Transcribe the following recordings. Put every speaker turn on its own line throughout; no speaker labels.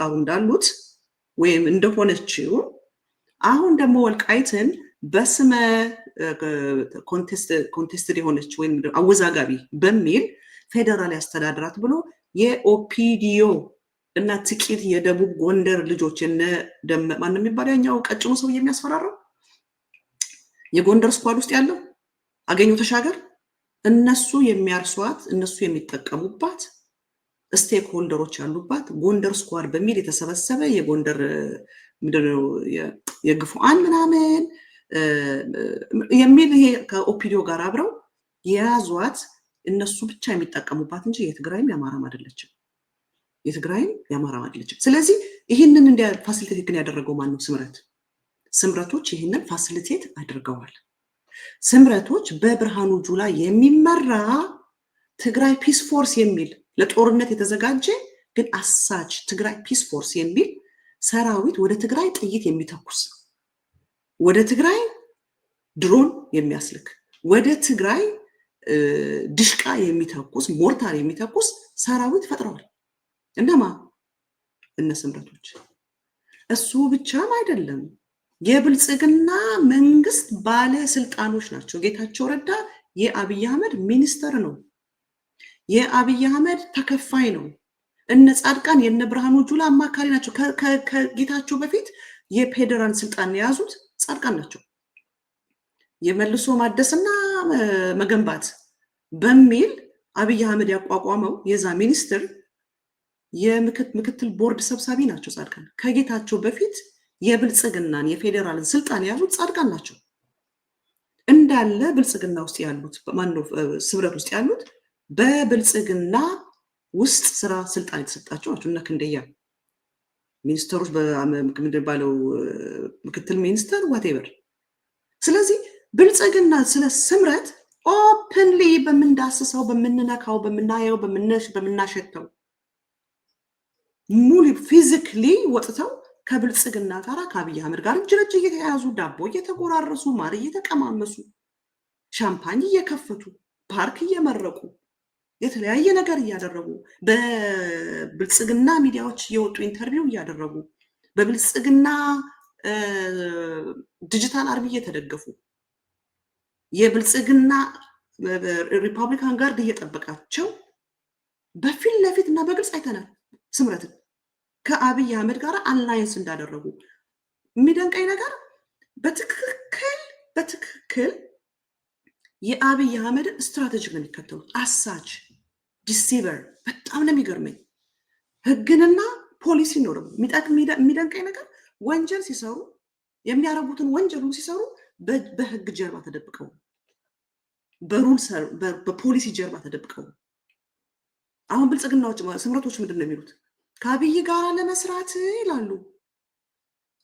ገጠሩ እንዳሉት ወይም እንደሆነችው አሁን ደግሞ ወልቃይትን በስመ ኮንቴስትድ የሆነች ወይም አወዛጋቢ በሚል ፌዴራል ያስተዳድራት ብሎ የኦፒዲዮ እና ጥቂት የደቡብ ጎንደር ልጆች እነ ማን የሚባለው ያኛው ቀጭኑ ሰው የሚያስፈራራው የጎንደር ስኳድ ውስጥ ያለው አገኘው ተሻገር እነሱ የሚያርሷት እነሱ የሚጠቀሙባት ስቴክ ሆልደሮች ያሉባት ጎንደር ስኳር በሚል የተሰበሰበ የጎንደር የግፉአን ምናምን የሚል ይሄ ከኦፒዲዮ ጋር አብረው የያዟት እነሱ ብቻ የሚጠቀሙባት እንጂ የትግራይም የአማራም አይደለችም። የትግራይም የአማራም አይደለችም። ስለዚህ ይህንን እንዲ ፋሲሊቴት ግን ያደረገው ማን ነው? ስምረት ስምረቶች ይህንን ፋሲሊቴት አድርገዋል። ስምረቶች በብርሃኑ ጁላ የሚመራ ትግራይ ፒስ ፎርስ የሚል ለጦርነት የተዘጋጀ ግን አሳች ትግራይ ፒስ ፎርስ የሚል ሰራዊት ወደ ትግራይ ጥይት የሚተኩስ ወደ ትግራይ ድሮን የሚያስልክ ወደ ትግራይ ድሽቃ የሚተኩስ ሞርታር የሚተኩስ ሰራዊት ፈጥረዋል። እነማ እነ ስምረቶች። እሱ ብቻም አይደለም፣ የብልጽግና መንግስት ባለስልጣኖች ናቸው። ጌታቸው ረዳ የአብይ አህመድ ሚኒስተር ነው። የአብይ አህመድ ተከፋይ ነው። እነ ጻድቃን የነ ብርሃኑ ጁላ አማካሪ ናቸው። ከጌታቸው በፊት የፌዴራል ስልጣን የያዙት ጻድቃን ናቸው። የመልሶ ማደስና መገንባት በሚል አብይ አህመድ ያቋቋመው የዛ ሚኒስትር የምክትል ቦርድ ሰብሳቢ ናቸው ጻድቃን። ከጌታቸው በፊት የብልጽግናን የፌዴራልን ስልጣን የያዙት ጻድቃን ናቸው። እንዳለ ብልጽግና ውስጥ ያሉት ማነው ስብረት ውስጥ ያሉት በብልጽግና ውስጥ ስራ ስልጣን የተሰጣቸው ናቸው። እነ ክንደያ ሚኒስተሮች ምንድን ባለው ምክትል ሚኒስተር ዋቴቨር። ስለዚህ ብልጽግና ስለ ስምረት ኦፕንሊ በምንዳስሰው፣ በምንነካው፣ በምናየው፣ በምናሸተው ሙሉ ፊዚክሊ ወጥተው ከብልጽግና ጋር ከአብይ አህመድ ጋር እጅ ለእጅ እየተያያዙ ዳቦ እየተጎራረሱ ማር እየተቀማመሱ ሻምፓኝ እየከፈቱ ፓርክ እየመረቁ የተለያየ ነገር እያደረጉ በብልጽግና ሚዲያዎች የወጡ ኢንተርቪው እያደረጉ በብልጽግና ዲጂታል አርሚ እየተደገፉ የብልጽግና ሪፐብሊካን ጋርድ እየጠበቃቸው በፊት ለፊት እና በግልጽ አይተናል። ስምረትን ከአብይ አህመድ ጋር አላይንስ እንዳደረጉ የሚደንቀኝ ነገር በትክክል በትክክል የአብይ አህመድን ስትራቴጂ ነው የሚከተሉት አሳች ዲሲቨር በጣም ነው የሚገርመኝ። ህግንና ፖሊሲ ነው ደግሞ የሚደንቀኝ ነገር ወንጀል ሲሰሩ የሚያረጉትን ወንጀሉ ሲሰሩ በህግ ጀርባ ተደብቀው በሩል በፖሊሲ ጀርባ ተደብቀው አሁን ብልጽግናዎች ስምረቶች ምንድን ነው የሚሉት? ከአብይ ጋር ለመስራት ይላሉ።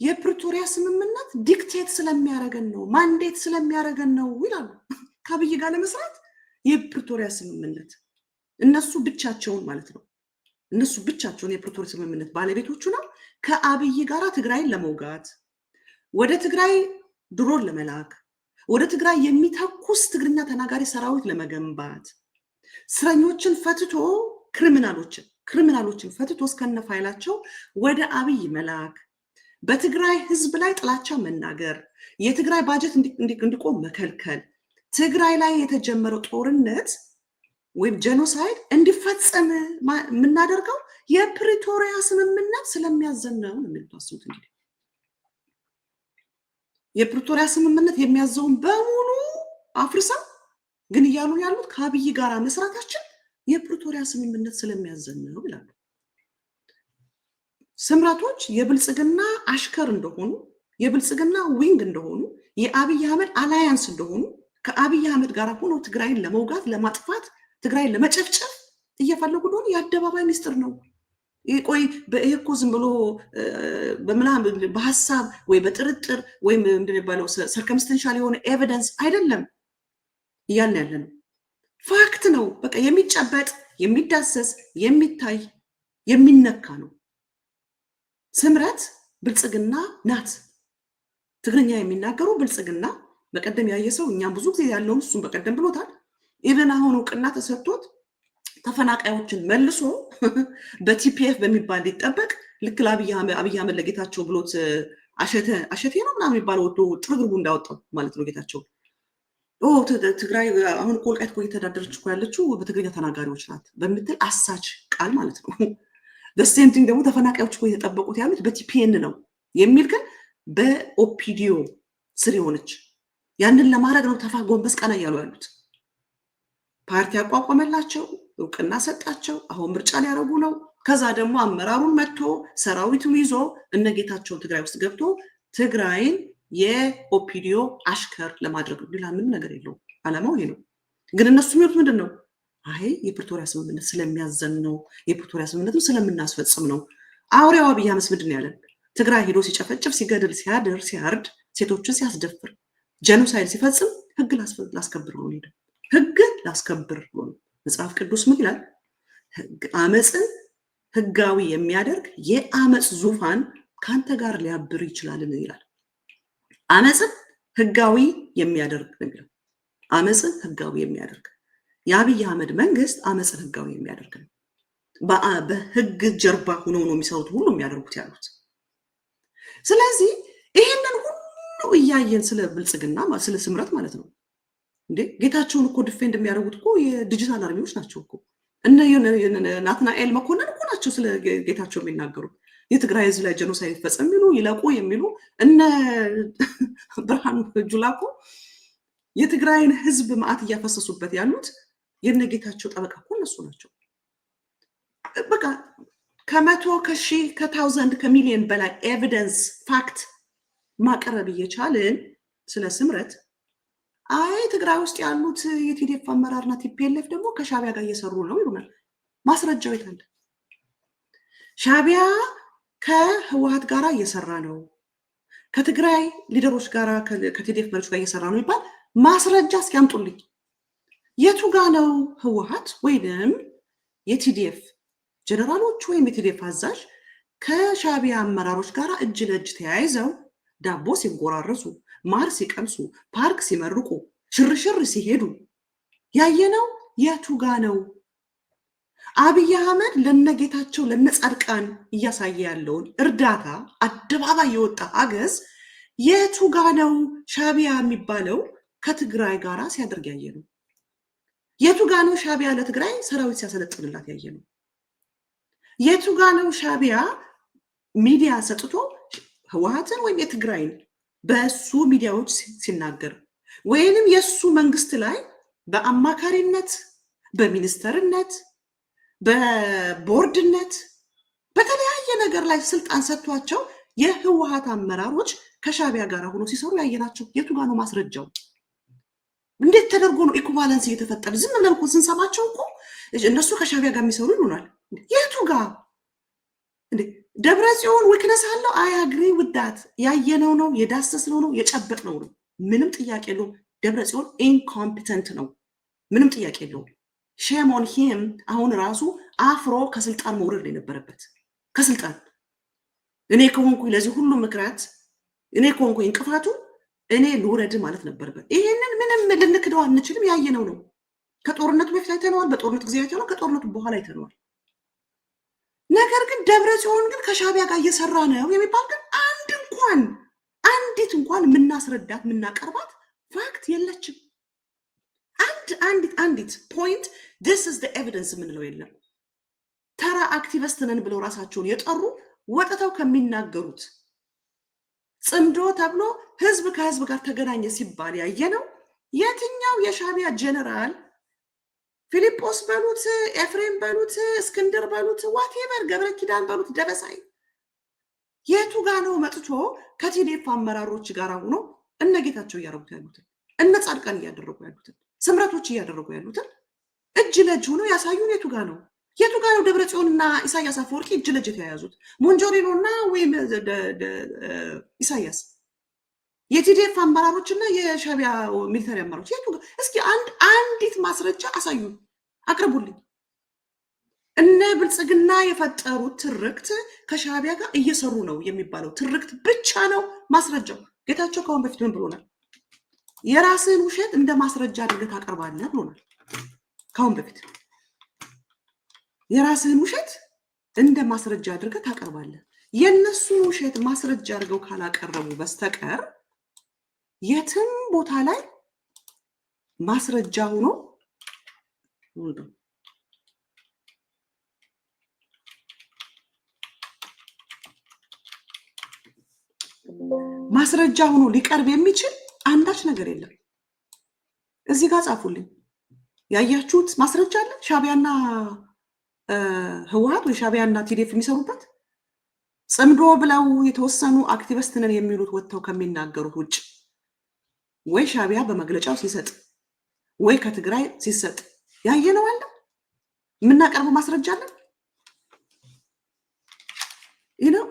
የፕሪቶሪያ ስምምነት ዲክቴት ስለሚያደርገን ነው ማንዴት ስለሚያደርገን ነው ይላሉ። ከአብይ ጋር ለመስራት የፕሪቶሪያ ስምምነት እነሱ ብቻቸውን ማለት ነው እነሱ ብቻቸውን የፕሪቶሪያ ስምምነት ባለቤቶቹና ከአብይ ጋር ትግራይን ለመውጋት ወደ ትግራይ ድሮን ለመላክ ወደ ትግራይ የሚተኩስ ትግርኛ ተናጋሪ ሰራዊት ለመገንባት እስረኞችን ፈትቶ ክሪሚናሎችን ክሪሚናሎችን ፈትቶ እስከነ ፋይላቸው ወደ አብይ መላክ በትግራይ ህዝብ ላይ ጥላቻ መናገር፣ የትግራይ ባጀት እንዲቆም መከልከል፣ ትግራይ ላይ የተጀመረው ጦርነት ወይም ጀኖሳይድ እንዲፈጸም የምናደርገው የፕሪቶሪያ ስምምነት ስለሚያዘን ነው የሚታስቡት። እንግዲህ የፕሪቶሪያ ስምምነት የሚያዘውን በሙሉ አፍርሳ ግን እያሉ ያሉት ከአብይ ጋር መስራታችን የፕሪቶሪያ ስምምነት ስለሚያዘን ነው ይላሉ። ስምረቶች የብልጽግና አሽከር እንደሆኑ፣ የብልጽግና ዊንግ እንደሆኑ፣ የአብይ አህመድ አላያንስ እንደሆኑ ከአብይ አህመድ ጋር ሆኖ ትግራይን ለመውጋት ለማጥፋት ትግራይን ለመጨፍጨፍ እየፈለጉ እንደሆነ የአደባባይ ሚስጥር ነው። ቆይ ይሄ እኮ ዝም ብሎ በምናምን በሀሳብ ወይ በጥርጥር ወይም ምንድን የሚባለው ሰርከምስተንሻል የሆነ ኤቪደንስ አይደለም እያልን ያለ ነው። ፋክት ነው። በቃ የሚጨበጥ የሚዳሰስ የሚታይ የሚነካ ነው። ስምረት ብልጽግና ናት። ትግርኛ የሚናገሩ ብልጽግና በቀደም ያየ ሰው እኛም ብዙ ጊዜ ያለውን እሱም በቀደም ብሎታል። ኢቨን አሁን እውቅና ተሰጥቶት ተፈናቃዮችን መልሶ በቲፒኤፍ በሚባል ሊጠበቅ ልክ ለአብይ አህመድ ለጌታቸው ብሎት አሸተ አሸቴ ነው ምናምን የሚባለው ወዶ ጥርግርጉ እንዳወጣው ማለት ነው ጌታቸው ትግራይ አሁን እኮ ወልቃይት እኮ እየተዳደረች እኮ ያለችው በትግርኛ ተናጋሪዎች ናት በምትል አሳች ቃል ማለት ነው። በሴንቲንግ ደግሞ ተፈናቃዮች እኮ እየተጠበቁት ያሉት በቲፒኤን ነው የሚል ግን በኦፒዲዮ ስር የሆነች ያንን ለማድረግ ነው ተፋ ጎንበስ ቀና እያሉ ያሉት። ፓርቲ ያቋቋመላቸው፣ እውቅና ሰጣቸው። አሁን ምርጫ ሊያረጉ ነው። ከዛ ደግሞ አመራሩን መጥቶ ሰራዊቱን ይዞ እነ ጌታቸውን ትግራይ ውስጥ ገብቶ ትግራይን የኦፒዲዮ አሽከር ለማድረግ ነው። ሌላ ምን ነገር የለው። አላማው ይሄ ነው። ግን እነሱ የሚሉት ምንድን ነው? አይ የፕሪቶሪያ ስምምነት ስለሚያዘን ነው፣ የፕሪቶሪያ ስምምነትም ስለምናስፈጽም ነው። አውሬው አብይ አህመድ ምንድን ነው ያለን? ትግራይ ሄዶ ሲጨፈጭፍ፣ ሲገድል፣ ሲያድር፣ ሲያርድ፣ ሴቶችን ሲያስደፍር፣ ጀኖሳይድ ሲፈጽም ህግ ላስከብር ነው ሄደ ህግ ላስከብር መጽሐፍ ቅዱስ ምን ይላል? አመፅን ህጋዊ የሚያደርግ የአመፅ ዙፋን ከአንተ ጋር ሊያብር ይችላልን ይላል። አመፅን ህጋዊ የሚያደርግ ነው። አመፅን ህጋዊ የሚያደርግ የአብይ አህመድ መንግስት አመፅን ህጋዊ የሚያደርግ ነው። በህግ ጀርባ ሆኖ ነው የሚሰሩት ሁሉ የሚያደርጉት ያሉት። ስለዚህ ይህንን ሁሉ እያየን ስለ ብልጽግና ስለ ስምረት ማለት ነው እንዴ ጌታቸውን እኮ ዲፌንድ የሚያደርጉት እኮ የዲጂታል አርሚዎች ናቸው እኮ እነ ናትናኤል መኮንን እኮ ናቸው ስለ ጌታቸው የሚናገሩት የትግራይ ህዝብ ላይ ጀኖሳይድ ይፈጸም የሚሉ ይለቁ የሚሉ እነ ብርሃኑ ጁላ እኮ የትግራይን ህዝብ መዓት እያፈሰሱበት ያሉት የነ ጌታቸው ጠበቃ እኮ እነሱ ናቸው። በቃ ከመቶ ከሺህ ከታውዘንድ ከሚሊዮን በላይ ኤቪደንስ ፋክት ማቅረብ እየቻልን ስለ ስምረት አይ ትግራይ ውስጥ ያሉት የቲዲኤፍ አመራርና ቲፒኤልኤፍ ደግሞ ከሻቢያ ጋር እየሰሩ ነው ይሉናል። ማስረጃው የት አለ? ሻቢያ ከህወሀት ጋር እየሰራ ነው፣ ከትግራይ ሊደሮች ጋር ከቲዲፍ መሪዎች ጋር እየሰራ ነው ይባል። ማስረጃ እስኪያምጡልኝ። የቱ ጋ ነው ህወሀት ወይንም የቲዲኤፍ ጀነራሎች ወይም የቲዲኤፍ አዛዥ ከሻቢያ አመራሮች ጋር እጅ ለእጅ ተያይዘው ዳቦ ሲጎራረሱ ማር ሲቀምሱ፣ ፓርክ ሲመርቁ፣ ሽርሽር ሲሄዱ ያየነው የቱ ጋ ነው? አብይ አህመድ ለነጌታቸው ለነጻድቃን እያሳየ ያለውን እርዳታ አደባባይ የወጣ አገዝ የቱ ጋ ነው? ሻቢያ የሚባለው ከትግራይ ጋር ሲያደርግ ያየ ነው። የቱ ጋ ነው ሻቢያ ለትግራይ ሰራዊት ሲያሰለጥንላት ያየ ነው። የቱ ጋ ነው ሻቢያ ሚዲያ ሰጥቶ ህወሀትን ወይም የትግራይን በእሱ ሚዲያዎች ሲናገር ወይንም የእሱ መንግስት ላይ በአማካሪነት፣ በሚኒስተርነት፣ በቦርድነት በተለያየ ነገር ላይ ስልጣን ሰጥቷቸው የህወሀት አመራሮች ከሻቢያ ጋር ሆኖ ሲሰሩ ያየናቸው የቱ ጋር ነው ማስረጃው? እንዴት ተደርጎ ነው ኢኩቫለንስ እየተፈጠረ? ዝም ብለን እኮ ስንሰማቸው እኮ እነሱ ከሻቢያ ጋር የሚሰሩ ይሉናል። የቱ ደብረ ጽዮን ዊክነስ አለው። አይ አግሪ ውዳት ያየነው ነው የዳሰስነው ነው የጨበጥነው ነው። ምንም ጥያቄ የለውም። ደብረ ጽዮን ኢንኮምፒተንት ነው። ምንም ጥያቄ የለውም። ሼም ኦን ሂም። አሁን ራሱ አፍሮ ከስልጣን መውረድ ነው የነበረበት። ከስልጣን እኔ ከሆንኩ ለዚህ ሁሉ ምክንያት እኔ ከሆንኩ እንቅፋቱ እኔ ልውረድ ማለት ነበረበት። ይህንን ምንም ልንክደው አንችልም። ያየነው ነው። ከጦርነቱ በፊት አይተነዋል። በጦርነቱ ጊዜ አይተነዋል። ከጦርነቱ በኋላ አይተነዋል። ነገር ግን ደብረ ሲሆን ግን ከሻቢያ ጋር እየሰራ ነው የሚባል ግን አንድ እንኳን አንዲት እንኳን የምናስረዳት የምናቀርባት ፋክት የለችም። አንድ አንዲት አንዲት ፖይንት ዲስ ኢዝ ኤቪደንስ የምንለው የለም። ተራ አክቲቨስትነን ነን ብለው ራሳቸውን የጠሩ ወጥተው ከሚናገሩት ጽምዶ ተብሎ ህዝብ ከህዝብ ጋር ተገናኘ ሲባል ያየ ነው። የትኛው የሻቢያ ጀነራል ፊልጶስ በሉት ኤፍሬም በሉት እስክንድር በሉት ዋቴቨር ገብረ ኪዳን በሉት ደበሳይ የቱ ጋ ነው መጥቶ ከቲዴፍ አመራሮች ጋር ሆኖ እነ ጌታቸው እያደረጉት ያሉትን እነ ጻድቃን እያደረጉ ያሉትን ስምረቶች እያደረጉ ያሉትን እጅ ለእጅ ሆኖ ያሳዩን የቱ ጋ ነው የቱ ጋ ነው ደብረ ጽዮንና ኢሳያስ አፈወርቂ እጅ ለእጅ የተያያዙት ሞንጆሪኖ እና ወይም ኢሳያስ የቲዲኤፍ አመራሮች እና የሻቢያ ሚሊተሪ አመራሮች የቱ ጋር እስኪ አንድ አንዲት ማስረጃ አሳዩ፣ አቅርቡልኝ። እነ ብልጽግና የፈጠሩት ትርክት ከሻቢያ ጋር እየሰሩ ነው የሚባለው ትርክት ብቻ ነው ማስረጃው። ጌታቸው ከአሁን በፊት ምን ብሎናል? የራስን ውሸት እንደ ማስረጃ አድርገህ ታቀርባለህ ብሎናል። ከአሁን በፊት የራስህን ውሸት እንደ ማስረጃ አድርገህ ታቀርባለህ። የእነሱን ውሸት ማስረጃ አድርገው ካላቀረቡ በስተቀር የትም ቦታ ላይ ማስረጃ ሆኖ ማስረጃ ሆኖ ሊቀርብ የሚችል አንዳች ነገር የለም። እዚህ ጋር ጻፉልኝ። ያያችሁት ማስረጃ አለ? ሻቢያና ህወሀት ወይ ሻቢያና ቲዴፍ የሚሰሩበት ጽምዶ ብለው የተወሰኑ አክቲቪስት ነን የሚሉት ወጥተው ከሚናገሩት ውጭ ወይ ሻቢያ በመግለጫው ሲሰጥ ወይ ከትግራይ ሲሰጥ ነው አለ። የምናቀርበው ማስረጃ አለን።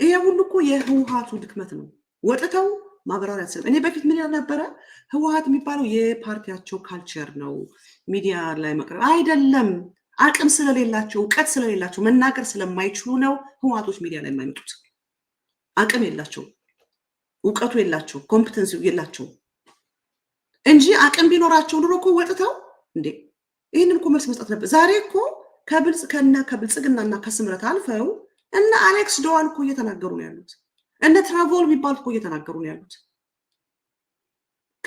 ይሄ ሁሉ እኮ የህወሀቱ ድክመት ነው። ወጥተው ማብራሪያ ስለ እኔ በፊት ምን ነበረ ህወሀት የሚባለው የፓርቲያቸው ካልቸር ነው። ሚዲያ ላይ መቅረብ አይደለም፣ አቅም ስለሌላቸው እውቀት ስለሌላቸው መናገር ስለማይችሉ ነው ህወሀቶች ሚዲያ ላይ የማይመጡት። አቅም የላቸው፣ እውቀቱ የላቸው፣ ኮምፕተንሲ የላቸው። እንጂ አቅም ቢኖራቸው ኑሮ እኮ ወጥተው እንዴ ይህንን እኮ መልስ መስጠት ነበር። ዛሬ እኮ ከብልጽ ከነ ከብልጽግናና ከስምረት አልፈው እነ አሌክስ ዶዋን እኮ እየተናገሩ ነው ያሉት። እነ ትራቮል የሚባሉት እኮ እየተናገሩ ነው ያሉት።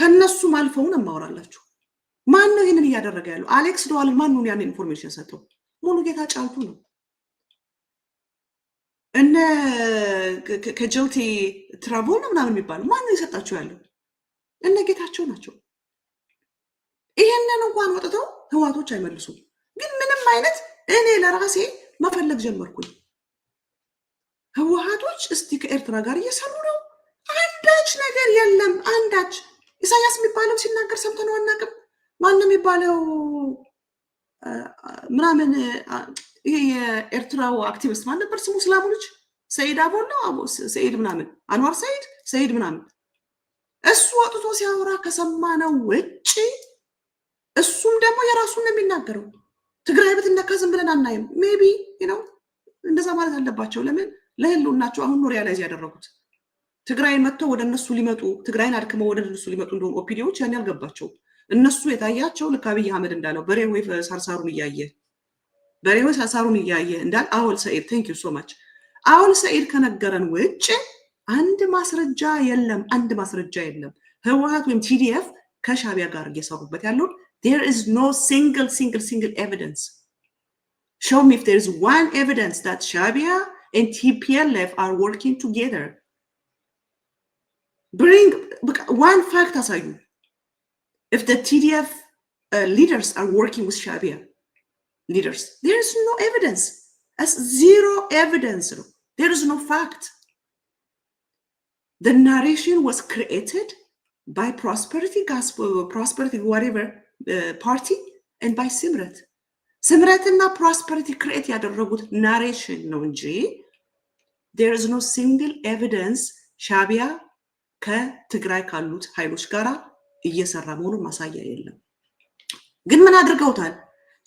ከነሱም አልፈውን እማወራላችሁ። ማን ነው ይህንን እያደረገ ያለው? አሌክስ ዶዋል ማን ያን ኢንፎርሜሽን ሰጠው? ሙሉ ጌታ ጫልቱ ነው። እነ ከጀውቴ ትራቮል ነው ምናምን የሚባለው ማን ነው የሰጣቸው ያለው? እነ ጌታቸው ናቸው። ይሄንን እንኳን ወጥተው ህዋቶች አይመልሱም። ግን ምንም አይነት እኔ ለራሴ መፈለግ ጀመርኩኝ። ህወሀቶች እስቲ ከኤርትራ ጋር እየሰሩ ነው። አንዳች ነገር የለም። አንዳች ኢሳያስ የሚባለው ሲናገር ሰምተነው አናውቅም። ማነው የሚባለው ምናምን ይሄ የኤርትራው አክቲቪስት ማን ነበር ስሙ? ስላሙ ልጅ ሰኢድ አቦና ምናምን አንዋር ሰይድ ሰይድ ምናምን እሱ ወጥቶ ሲያወራ ከሰማነው ውጭ እሱም ደግሞ የራሱን ነው የሚናገረው። ትግራይ ብትነካ ዝም ብለን አናይም። ሜቢ ነው እንደዛ ማለት አለባቸው። ለምን ለህልውናቸው አሁን ኖ ሪያላይዝ ያደረጉት ትግራይን መጥቶ ወደ እነሱ ሊመጡ ትግራይን አድክመው ወደ እነሱ ሊመጡ እንደሆኑ ኦፒዲዎች ያን ያልገባቸው እነሱ የታያቸው ልክ አብይ አህመድ እንዳለው በሬ ወይ ሳርሳሩን እያየ በሬ ወይ ሳርሳሩን እያየ እንዳል አወል ሰኢድ ቴንክ ዩ ሶ ማች አወል ሰኢድ ከነገረን ውጭ አንድ ማስረጃ የለም። አንድ ማስረጃ የለም። ህወሀት ወይም ቲዲኤፍ ከሻቢያ ጋር እየሰሩበት ያለውን There is no single, single, single evidence. Show me if there is one evidence that Shabia and TPLF are working together. Bring one fact as I If the TDF uh, leaders are working with Shabia leaders, there is no evidence. As zero evidence. There is no fact. The narration was created by prosperity gospel, prosperity, whatever, ፓርቲ ኤንድ ባይ ስምረት ስምረትና ፕሮስፐሪቲ ክሬት ያደረጉት ናሬሽን ነው እንጂ ዴር ኢዝ ኖ ሲንግል ኤቪደንስ ሻቢያ ከትግራይ ካሉት ኃይሎች ጋር እየሰራ መሆኑን ማሳያ የለም። ግን ምን አድርገውታል?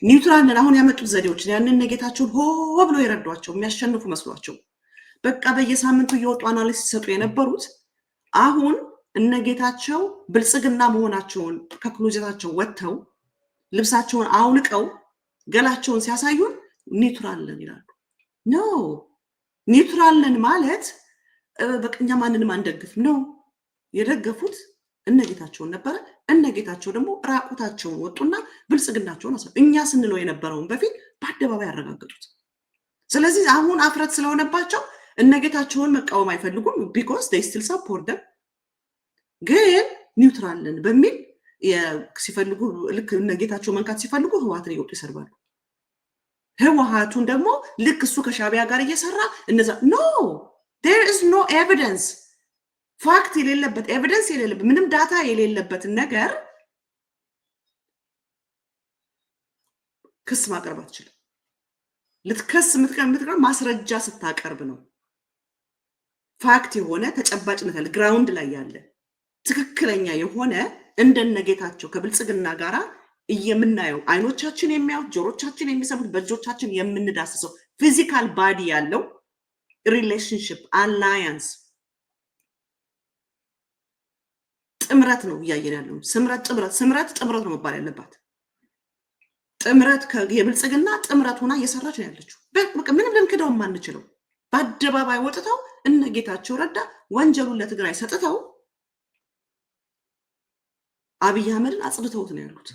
ኒውትራልን አሁን ያመጡት ዘዴዎችን ያንን ነጌታቸውን ሆ ብሎ የረዷቸው የሚያሸንፉ መስሏቸው በቃ በየሳምንቱ እየወጡ አናሊስት ሲሰጡ የነበሩት አሁን እነ ጌታቸው ብልጽግና መሆናቸውን ከክሎዜታቸው ወጥተው ልብሳቸውን አውልቀው ገላቸውን ሲያሳዩን ኒቱራለን ይላሉ። ኖ ኒውትራልን ማለት በቀኛ ማንንም አንደግፍም ነው። የደገፉት እነ ጌታቸውን ነበረ። እነ ጌታቸው ደግሞ ራቁታቸውን ወጡና ብልጽግናቸውን አሳ እኛ ስንለው የነበረውን በፊት በአደባባይ ያረጋገጡት። ስለዚህ አሁን አፍረት ስለሆነባቸው እነ ጌታቸውን መቃወም አይፈልጉም። ቢኮዝ ስትል ሰፖርት ግን ኒውትራል ነን በሚል ሲፈልጉ ልክ እነ ጌታቸው መንካት ሲፈልጉ ህወሓትን እየወጡ ይሰርባሉ። ህወሓቱን ደግሞ ልክ እሱ ከሻቢያ ጋር እየሰራ እነዛ ኖ ዴር ኢዝ ኖ ኤቪደንስ ፋክት የሌለበት ኤቪደንስ የሌለበት ምንም ዳታ የሌለበትን ነገር ክስ ማቅረብ አትችልም። ልትከስ የምትቀር ማስረጃ ስታቀርብ ነው። ፋክት የሆነ ተጨባጭነት ያለ ግራውንድ ላይ ያለ ትክክለኛ የሆነ እንደነጌታቸው ከብልጽግና ጋር የምናየው አይኖቻችን የሚያዩት ጆሮቻችን የሚሰሙት በእጆቻችን የምንዳስሰው ፊዚካል ባዲ ያለው ሪሌሽንሽፕ አላያንስ ጥምረት ነው እያየን ያለው። ስምረት ጥምረት ስምረት ጥምረት ነው መባል ያለባት። ጥምረት የብልጽግና ጥምረት ሆና እየሰራች ነው ያለችው። ምንም ልንክደው የማንችለው በአደባባይ ወጥተው እነ ጌታቸው ረዳ ወንጀሉን ለትግራይ ሰጥተው አብይ አህመድን አጽድተውት ነው ያሉት።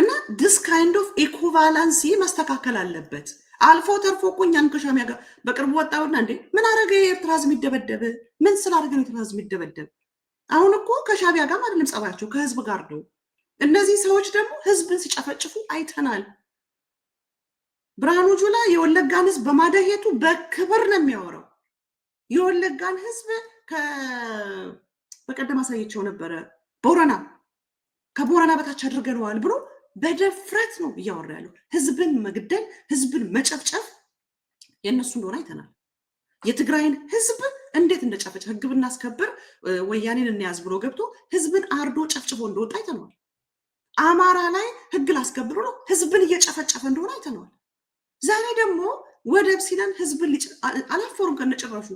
እና ድስ ካይንድ ኦፍ ኢኩቫላንሲ መስተካከል አለበት። አልፎ ተርፎ እኮ እኛን ከሻሚ ጋር በቅርቡ ወጣውና እንዴ ምን አረገ የኤርትራ ህዝብ የሚደበደብ ምን ስላደረገ ነው የኤርትራ ህዝብ የሚደበደብ? አሁን እኮ ከሻቢያ ጋር አይደለም ጸባያቸው፣ ከህዝብ ጋር ነው። እነዚህ ሰዎች ደግሞ ህዝብን ሲጨፈጭፉ አይተናል። ብርሃኑ ጁላ የወለጋን ህዝብ በማደሄቱ በክብር ነው የሚያወራው። የወለጋን ህዝብ በቀደም አሳየቸው ነበረ ቦረና ከቦረና በታች አድርገነዋል ብሎ በደፍረት ነው እያወራ ያለው። ህዝብን መግደል፣ ህዝብን መጨፍጨፍ የእነሱ እንደሆነ አይተናል። የትግራይን ህዝብ እንዴት እንደጨፈጨ ህግ ብናስከብር ወያኔን እንያዝ ብሎ ገብቶ ህዝብን አርዶ ጨፍጭፎ እንደወጣ አይተነዋል። አማራ ላይ ህግ ላስከብሩ ነው ህዝብን እየጨፈጨፈ እንደሆነ አይተነዋል። ዛሬ ደግሞ ወደብ ሲለን ህዝብን አላፈሩም ከነጭራሹ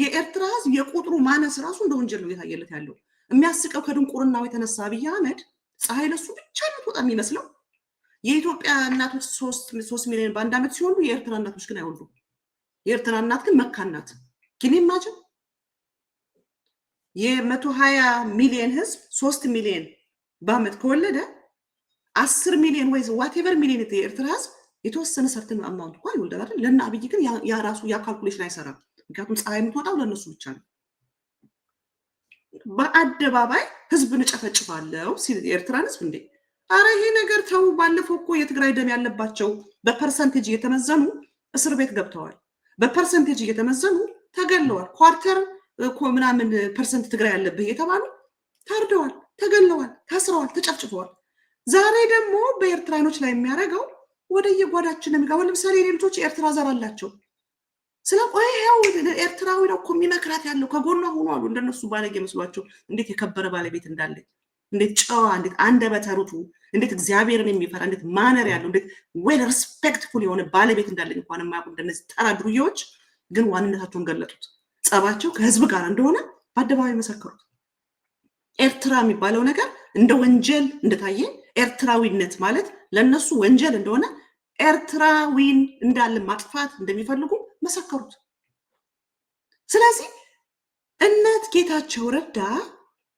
የኤርትራ ህዝብ የቁጥሩ ማነስ ራሱ እንደ ወንጀል ነው የታየለት ያለው። የሚያስቀው ከድንቁርናው የተነሳ አብይ አህመድ ፀሐይ ለሱ ብቻ ወጣ የሚመስለው የኢትዮጵያ እናቶች ሶስት ሚሊዮን በአንድ ዓመት ሲሆኑ የኤርትራ እናቶች ግን አይወሉም። የኤርትራ እናት ግን መካናት ግን ይማጅን የመቶ ሀያ ሚሊዮን ህዝብ ሶስት ሚሊዮን በአመት ከወለደ አስር ሚሊዮን ወይ ዋቴቨር ሚሊዮን የኤርትራ ህዝብ የተወሰነ ሰርትን አማውንት እንኳን ይወልዳል። ለእነ አብይ ግን ያ ራሱ ያ ካልኩሌሽን አይሰራም። ምክንያቱም ፀሐይ የምትወጣው ለእነሱ ብቻ ነው። በአደባባይ ህዝብን እጨፈጭፋለሁ ሲል የኤርትራን ህዝብ እንዴ! አረ ይሄ ነገር ተው። ባለፈው እኮ የትግራይ ደም ያለባቸው በፐርሰንቴጅ እየተመዘኑ እስር ቤት ገብተዋል። በፐርሰንቴጅ እየተመዘኑ ተገለዋል። ኳርተር ምናምን ፐርሰንት ትግራይ ያለብህ እየተባሉ ታርደዋል፣ ተገለዋል፣ ታስረዋል፣ ተጨፍጭፈዋል። ዛሬ ደግሞ በኤርትራኖች ላይ የሚያደርገው ወደ የጓዳችን ለምሳሌ የኔ ልጆች የኤርትራ ዘር አላቸው ስለ ቆይ ያው ኤርትራዊ ነው እኮ የሚመክራት ያለው ከጎኗ ሆኖ አሉ። እንደነሱ ባለጌ መስሏቸው እንዴት የከበረ ባለቤት እንዳለ እንዴት ጨዋ፣ እንዴት አንደበተ ርቱዕ፣ እንዴት እግዚአብሔርን የሚፈራ እንዴት ማነር ያለው እንዴት ዌል ሪስፔክትፉል የሆነ ባለቤት እንዳለ እንኳን የማያውቁ እንደነዚህ ተራ ዱርዬዎች ግን ዋንነታቸውን ገለጡት። ጸባቸው ከህዝብ ጋር እንደሆነ በአደባባይ መሰከሩት። ኤርትራ የሚባለው ነገር እንደ ወንጀል እንደታየ ኤርትራዊነት ማለት ለእነሱ ወንጀል እንደሆነ ኤርትራዊን እንዳለ ማጥፋት እንደሚፈልጉ መሰከሩት። ስለዚህ እነት ጌታቸው ረዳ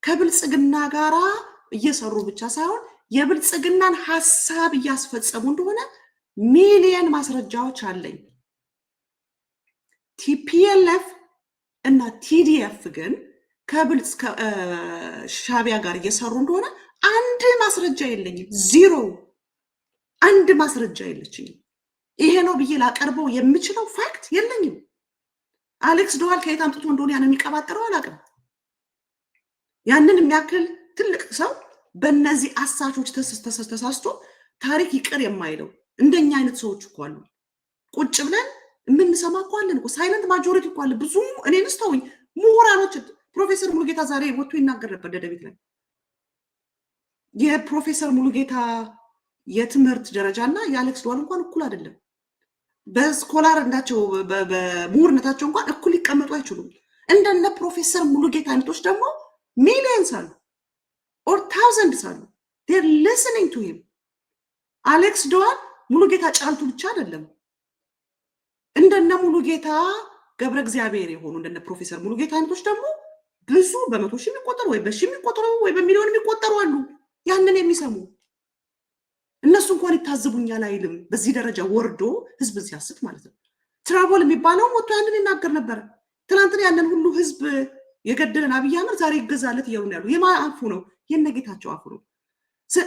ከብልጽግና ጋር እየሰሩ ብቻ ሳይሆን የብልጽግናን ሀሳብ እያስፈጸሙ እንደሆነ ሚሊየን ማስረጃዎች አለኝ። ቲፒኤልኤፍ እና ቲዲኤፍ ግን ከብልጽ ሻቢያ ጋር እየሰሩ እንደሆነ አንድ ማስረጃ የለኝም። ዚሮ አንድ ማስረጃ የለችኝም። ይሄ ነው ብዬ ላቀርበው የምችለው ፋክት የለኝም። አሌክስ ደዋል ከየት አምጥቶ እንደሆነ ያን የሚቀባጠረው አላቅም። ያንን የሚያክል ትልቅ ሰው በእነዚህ አሳቾች ተሳስቶ ታሪክ ይቅር የማይለው እንደኛ አይነት ሰዎች እኮ አሉ። ቁጭ ብለን የምንሰማ እኮ አለን። ሳይለንት ማጆሪቲ እኮ አለ። ብዙ እኔን ስተውኝ ምሁራኖች ፕሮፌሰር ሙሉጌታ ዛሬ ወጥቶ ይናገር ነበር ደደቤት ላይ። የፕሮፌሰር ሙሉጌታ የትምህርት ደረጃ እና የአሌክስ ደዋል እንኳን እኩል አይደለም። በስኮላርነታቸው በምሁርነታቸው እንኳን እኩል ሊቀመጡ አይችሉም። እንደነ ፕሮፌሰር ሙሉጌታ አይነቶች ደግሞ ሚሊየንስ አሉ ኦር ታውዘንድስ አሉ። ር ሊስኒንግ ቱ ሂም አሌክስ ደዋል ሙሉጌታ ጫልቱ ብቻ አይደለም። እንደነ ሙሉጌታ ገብረ እግዚአብሔር የሆኑ እንደነ ፕሮፌሰር ሙሉጌታ አይነቶች ደግሞ ብዙ በመቶ ሺህ የሚቆጠሩ ወይ በሺህ የሚቆጠሩ ወይ በሚሊዮን የሚቆጠሩ አሉ ያንን የሚሰሙ እነሱ እንኳን ይታዘቡኛል አይልም። በዚህ ደረጃ ወርዶ ህዝብን ሲያስት ማለት ነው። ትራቦል የሚባለው ወጥቶ ያንን ይናገር ነበረ። ትናንትን ያንን ሁሉ ህዝብ የገደለን አብይ አህመድ ዛሬ ይገዛለት እየሆነ ያሉ የማ አፉ ነው የነ ጌታቸው አፉ ነው።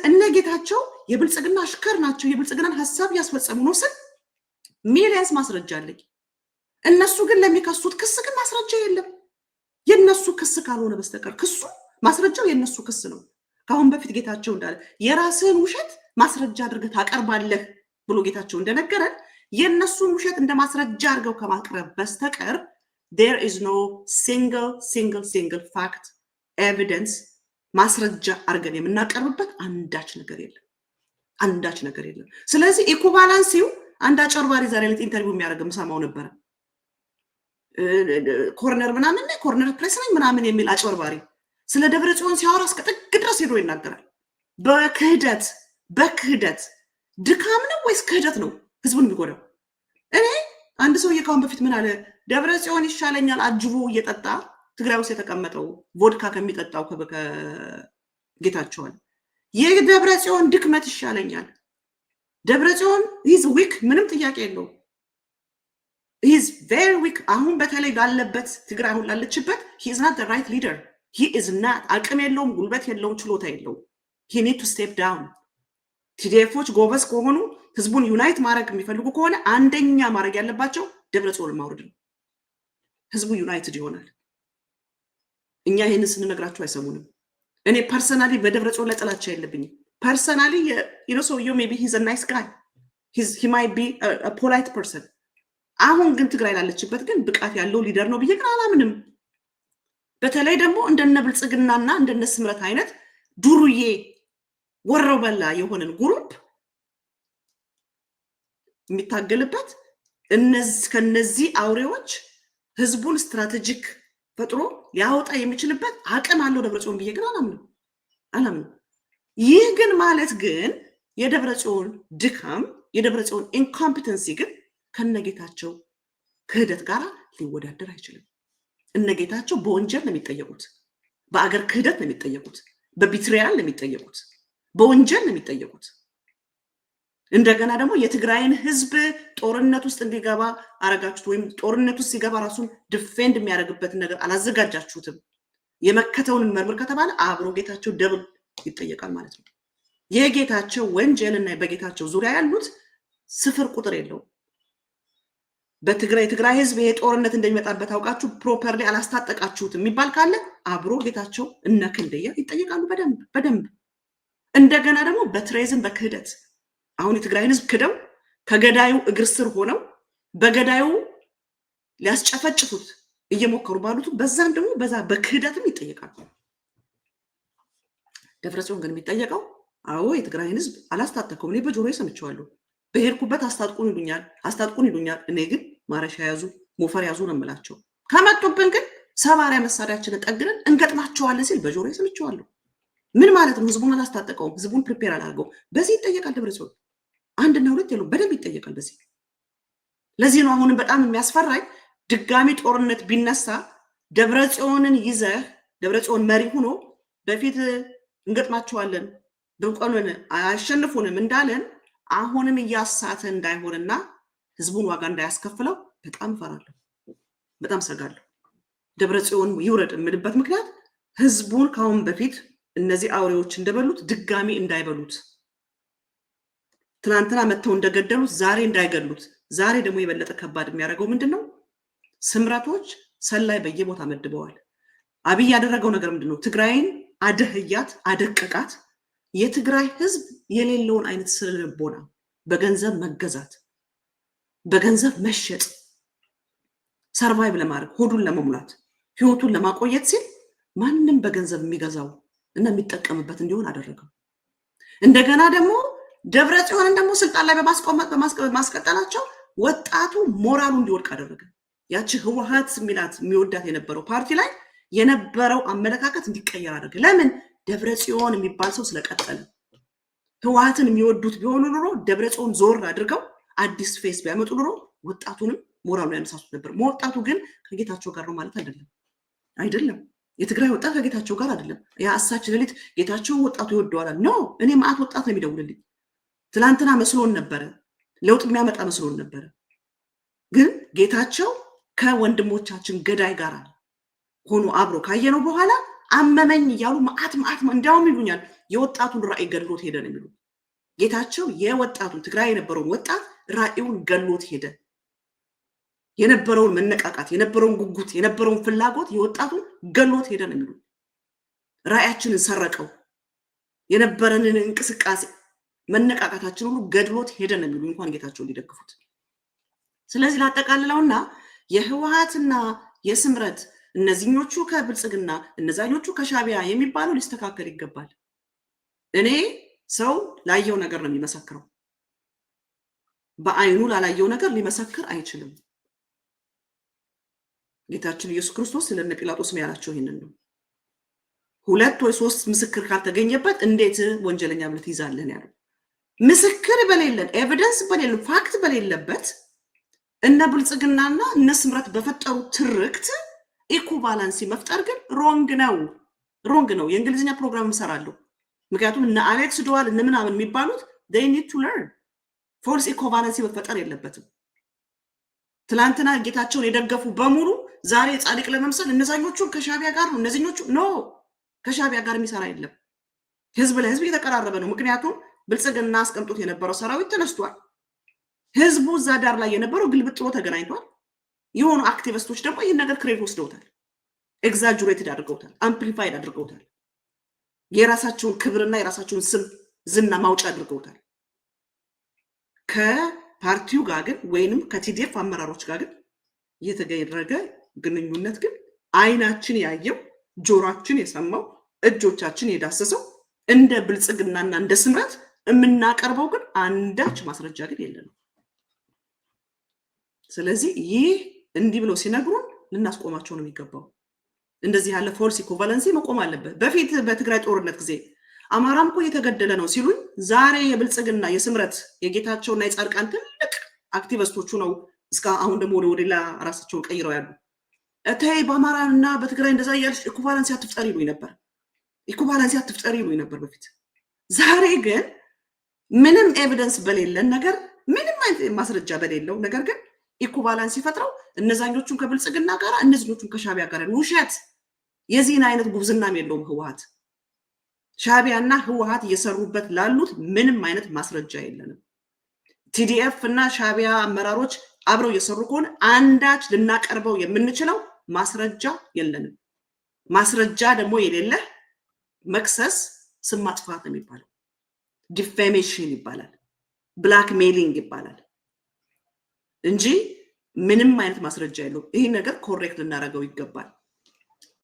እነ ጌታቸው የብልጽግና አሽከር ናቸው። የብልጽግናን ሀሳብ ያስፈጸሙ ነው ስል ሚሊየንስ ማስረጃ አለኝ። እነሱ ግን ለሚከሱት ክስ ግን ማስረጃ የለም። የነሱ ክስ ካልሆነ በስተቀር ክሱ ማስረጃው የነሱ ክስ ነው። ከአሁን በፊት ጌታቸው እንዳለ የራስህን ውሸት ማስረጃ አድርገህ ታቀርባለህ ብሎ ጌታቸው እንደነገረን የእነሱን ውሸት እንደ ማስረጃ አድርገው ከማቅረብ በስተቀር ዴር ኢዝ ኖ ሲንግል ሲንግል ሲንግል ፋክት ኤቪደንስ ማስረጃ አድርገን የምናቀርብበት አንዳች ነገር የለም፣ አንዳች ነገር የለም። ስለዚህ ኢኩቫላንሲው አንድ አጨርባሪ ዛሬ ዕለት ኢንተርቪው የሚያደርግ የምሰማው ነበረ። ኮርነር ምናምን ኮርነር ፕሬስ ነኝ ምናምን የሚል አጨርባሪ ስለ ደብረ ጽዮን ሲያወራ እስከ ጥግ ድረስ ሄዶ ይናገራል በክህደት በክህደት ድካም ነው ወይስ ክህደት ነው ህዝቡን የሚጎዳው? እኔ አንድ ሰውዬ ካሁን በፊት ምን አለ፣ ደብረ ጽዮን ይሻለኛል አጅቦ እየጠጣ ትግራይ ውስጥ የተቀመጠው ቮድካ ከሚጠጣው ከጌታቸዋል። የደብረ ጽዮን ድክመት ይሻለኛል። ደብረ ጽዮን ሂዝ ዊክ፣ ምንም ጥያቄ የለው ሂዝ ቬሪ ዊክ። አሁን በተለይ ላለበት ትግራይ አሁን ላለችበት ሂዝ ናት ራይት ሊደር ሂዝ ናት። አቅም የለውም፣ ጉልበት የለውም፣ ችሎታ የለውም። ሂ ኒድ ቱ ስቴፕ ዳውን ቲዲኤፎች ጎበዝ ከሆኑ ህዝቡን ዩናይት ማድረግ የሚፈልጉ ከሆነ አንደኛ ማድረግ ያለባቸው ደብረ ጽዮን ማውረድ ነው። ህዝቡ ዩናይትድ ይሆናል። እኛ ይህንን ስንነግራቸው አይሰሙንም። እኔ ፐርሰናሊ በደብረ ጽዮን ላይ ጥላቻ የለብኝም። ፐርሰናሊ ሰውየው ቢ ሂዝ ናይስ ጋይ ሂ ማይ ቢ ፖላይት ፐርሰን። አሁን ግን ትግራይ ላለችበት ግን ብቃት ያለው ሊደር ነው ብዬ ግን አላምንም። በተለይ ደግሞ እንደነ ብልጽግናና እንደነ ስምረት አይነት ዱሩዬ ወረው በላ የሆነን ጉሩፕ የሚታገልበት ከነዚህ አውሬዎች ህዝቡን ስትራቴጂክ ፈጥሮ ሊያወጣ የሚችልበት አቅም አለው ደብረጽዮን ብዬ ግን አላምንም አላምንም። ይህ ግን ማለት ግን የደብረ የደብረጽዮን ድካም የደብረጽዮን ኢንኮምፒተንሲ ግን ከነጌታቸው ክህደት ጋር ሊወዳደር አይችልም። እነጌታቸው በወንጀል ነው የሚጠየቁት፣ በአገር ክህደት ነው የሚጠየቁት፣ በቢትሪያል ነው የሚጠየቁት። በወንጀል ነው የሚጠየቁት። እንደገና ደግሞ የትግራይን ህዝብ ጦርነት ውስጥ እንዲገባ አረጋችሁት፣ ወይም ጦርነት ውስጥ ሲገባ ራሱን ድፌንድ የሚያደርግበትን ነገር አላዘጋጃችሁትም። የመከተውን መርምር ከተባለ አብሮ ጌታቸው ደብል ይጠየቃል ማለት ነው። የጌታቸው ወንጀልና በጌታቸው ዙሪያ ያሉት ስፍር ቁጥር የለውም። በትግራይ የትግራይ ህዝብ ይሄ ጦርነት እንደሚመጣበት አውቃችሁ ፕሮፐርሊ አላስታጠቃችሁትም የሚባል ካለ አብሮ ጌታቸው እነ ክንደያ ይጠየቃሉ በደንብ በደንብ እንደገና ደግሞ በትሬዝን በክህደት አሁን የትግራይን ህዝብ ክደው ከገዳዩ እግር ስር ሆነው በገዳዩ ሊያስጨፈጭፉት እየሞከሩ ባሉት በዛም ደግሞ በዛ በክህደትም ይጠየቃሉ። ደብረጽዮን ግን የሚጠየቀው አዎ የትግራይን ህዝብ አላስታጠቀውም። እኔ በጆሮ ሰምቼዋለሁ። በሄድኩበት አስታጥቁን ይሉኛል፣ አስታጥቁን ይሉኛል። እኔ ግን ማረሻ ያዙ፣ ሞፈር ያዙ ነው የምላቸው። ከመጡብን ግን ሰባሪያ መሳሪያችንን ጠግነን እንገጥማቸዋለን ሲል በጆሮ ሰምቼዋለሁ። ምን ማለት ነው? ህዝቡን አላስታጠቀውም። ህዝቡን ፕሪፔር አላደርገውም። በዚህ ይጠየቃል። ደብረ ጽዮን አንድና ሁለት ያሉ በደንብ ይጠየቃል። በዚህ ለዚህ ነው አሁንም በጣም የሚያስፈራኝ ድጋሚ ጦርነት ቢነሳ ደብረ ጽዮንን ይዘህ ደብረ ጽዮን መሪ ሆኖ በፊት እንገጥማቸዋለን ድንቆንን አያሸንፉንም እንዳለን አሁንም እያሳተ እንዳይሆንና ህዝቡን ዋጋ እንዳያስከፍለው በጣም እፈራለሁ፣ በጣም ሰጋለሁ። ደብረ ጽዮን ይውረድ የምልበት ምክንያት ህዝቡን ከአሁን በፊት እነዚህ አውሬዎች እንደበሉት ድጋሚ እንዳይበሉት፣ ትናንትና መጥተው እንደገደሉት ዛሬ እንዳይገሉት። ዛሬ ደግሞ የበለጠ ከባድ የሚያደርገው ምንድን ነው? ስምረቶች ሰላይ በየቦታ መድበዋል። አብይ ያደረገው ነገር ምንድን ነው? ትግራይን አደህያት፣ አደቀቃት። የትግራይ ህዝብ የሌለውን አይነት ስልልቦና በገንዘብ መገዛት፣ በገንዘብ መሸጥ፣ ሰርቫይቭ ለማድረግ ሆዱን ለመሙላት ህይወቱን ለማቆየት ሲል ማንም በገንዘብ የሚገዛው እና የሚጠቀምበት እንዲሆን አደረገው። እንደገና ደግሞ ደብረ ጽዮንን ደግሞ ስልጣን ላይ በማስቆመጥ በማስቀጠላቸው ወጣቱ ሞራሉ እንዲወድቅ አደረገ። ያቺ ህወሀት የሚላት የሚወዳት የነበረው ፓርቲ ላይ የነበረው አመለካከት እንዲቀየር አደረገ። ለምን ደብረ ጽዮን የሚባል ሰው ስለቀጠለ። ህወሀትን የሚወዱት ቢሆኑ ኑሮ ደብረ ጽዮን ዞር አድርገው አዲስ ፌስ ቢያመጡ ኑሮ ወጣቱንም ሞራሉ ያነሳሱት ነበር። ወጣቱ ግን ከጌታቸው ጋር ነው ማለት አይደለም አይደለም። የትግራይ ወጣት ከጌታቸው ጋር አይደለም። ያ ሌሊት ጌታቸውን ወጣቱ ይወደዋላል። ኖ እኔ መዓት ወጣት ነው የሚደውልልኝ። ትናንትና መስሎን ነበረ፣ ለውጥ የሚያመጣ መስሎን ነበረ። ግን ጌታቸው ከወንድሞቻችን ገዳይ ጋር ሆኖ አብሮ ካየነው በኋላ አመመኝ እያሉ መዓት መዓት እንዲያውም ይሉኛል የወጣቱን ራዕይ ገድሎት ሄደ ነው የሚሉ ጌታቸው የወጣቱን ትግራይ የነበረውን ወጣት ራዕዩን ገድሎት ሄደ። የነበረውን መነቃቃት፣ የነበረውን ጉጉት፣ የነበረውን ፍላጎት የወጣቱን ገሎት ሄደ የሚሉ ራዕያችንን ሰረቀው፣ የነበረንን እንቅስቃሴ መነቃቃታችን ሁሉ ገድሎት ሄደን የሚሉ እንኳን ጌታቸውን ሊደግፉት። ስለዚህ ላጠቃልለውና የህወሀትና የስምረት እነዚህኞቹ ከብልጽግና እነዛኞቹ ከሻቢያ የሚባለው ሊስተካከል ይገባል። እኔ ሰው ላየው ነገር ነው የሚመሰክረው። በአይኑ ላላየው ነገር ሊመሰክር አይችልም። ጌታችን ኢየሱስ ክርስቶስ ስለነ ጲላጦስ ነው ያላቸው። ይህንን ነው ሁለት ወይ ሶስት ምስክር ካልተገኘበት እንዴት ወንጀለኛ ብለህ ትይዛለህ ያለው። ምስክር በሌለን ኤቪደንስ በሌለን ፋክት በሌለበት እነ ብልጽግናና እነ ስምረት በፈጠሩ ትርክት ባላንስ መፍጠር ግን ሮንግ ነው፣ ሮንግ ነው። የእንግሊዝኛ ፕሮግራም እሰራለሁ። ምክንያቱም እነ አሌክስ ድዋል እነ ምናምን የሚባሉት ዴይ ኒድ ቱ ለርን ፎልስ መፈጠር የለበትም። ትላንትና ጌታቸውን የደገፉ በሙሉ ዛሬ ጻድቅ ለመምሰል እነዛኞቹ ከሻቢያ ጋር ነው እነዚኞቹ ኖ ከሻቢያ ጋር የሚሰራ የለም። ህዝብ ለህዝብ እየተቀራረበ ነው። ምክንያቱም ብልጽግና አስቀምጦት የነበረው ሰራዊት ተነስቷል። ህዝቡ እዛ ዳር ላይ የነበረው ግልብጥሎ ተገናኝቷል። የሆኑ አክቲቪስቶች ደግሞ ይህን ነገር ክሬድ ወስደውታል፣ ኤግዛጅሬትድ አድርገውታል፣ አምፕሊፋይድ አድርገውታል። የራሳቸውን ክብርና የራሳቸውን ስም ዝና ማውጫ አድርገውታል። ከፓርቲው ጋር ግን ወይንም ከቲዲኤፍ አመራሮች ጋር ግን እየተደረገ ግንኙነት ግን አይናችን ያየው ጆሯችን የሰማው እጆቻችን የዳሰሰው እንደ ብልጽግናና እንደ ስምረት የምናቀርበው ግን አንዳች ማስረጃ ግን የለንም። ስለዚህ ይህ እንዲህ ብለው ሲነግሩን ልናስቆማቸው ነው የሚገባው። እንደዚህ ያለ ፎልስ ኢኩቫለንሲ መቆም አለበት። በፊት በትግራይ ጦርነት ጊዜ አማራም እኮ እየተገደለ ነው ሲሉኝ፣ ዛሬ የብልጽግና የስምረት የጌታቸውና የጻድቃን ትልቅ አክቲቪስቶቹ ነው እስከ አሁን ደግሞ ወደ ሌላ ራሳቸውን ቀይረው ያሉ እተይ በአማራና በትግራይ እንደዛ እያለች ኢኩቫለንሲ አትፍጠሪ ይሉኝ ነበር። ኢኩቫለንሲ አትፍጠሪ ይሉኝ ነበር በፊት። ዛሬ ግን ምንም ኤቪደንስ በሌለን ነገር ምንም አይነት ማስረጃ በሌለው ነገር ግን ኢኩቫለንሲ ፈጥረው እነዛኞቹን ከብልጽግና ጋር እነዚኞቹን ከሻቢያ ጋር ውሸት። የዚህን አይነት ጉብዝናም የለውም ህወሀት። ሻቢያና ህወሀት እየሰሩበት ላሉት ምንም አይነት ማስረጃ የለንም። ቲዲኤፍ እና ሻቢያ አመራሮች አብረው እየሰሩ ከሆነ አንዳች ልናቀርበው የምንችለው ማስረጃ የለንም። ማስረጃ ደግሞ የሌለ መክሰስ ስም ማጥፋት ነው የሚባለው። ዲፌሜሽን ይባላል፣ ብላክ ሜሊንግ ይባላል እንጂ ምንም አይነት ማስረጃ የለው ይህ ነገር ኮሬክት ልናደርገው ይገባል።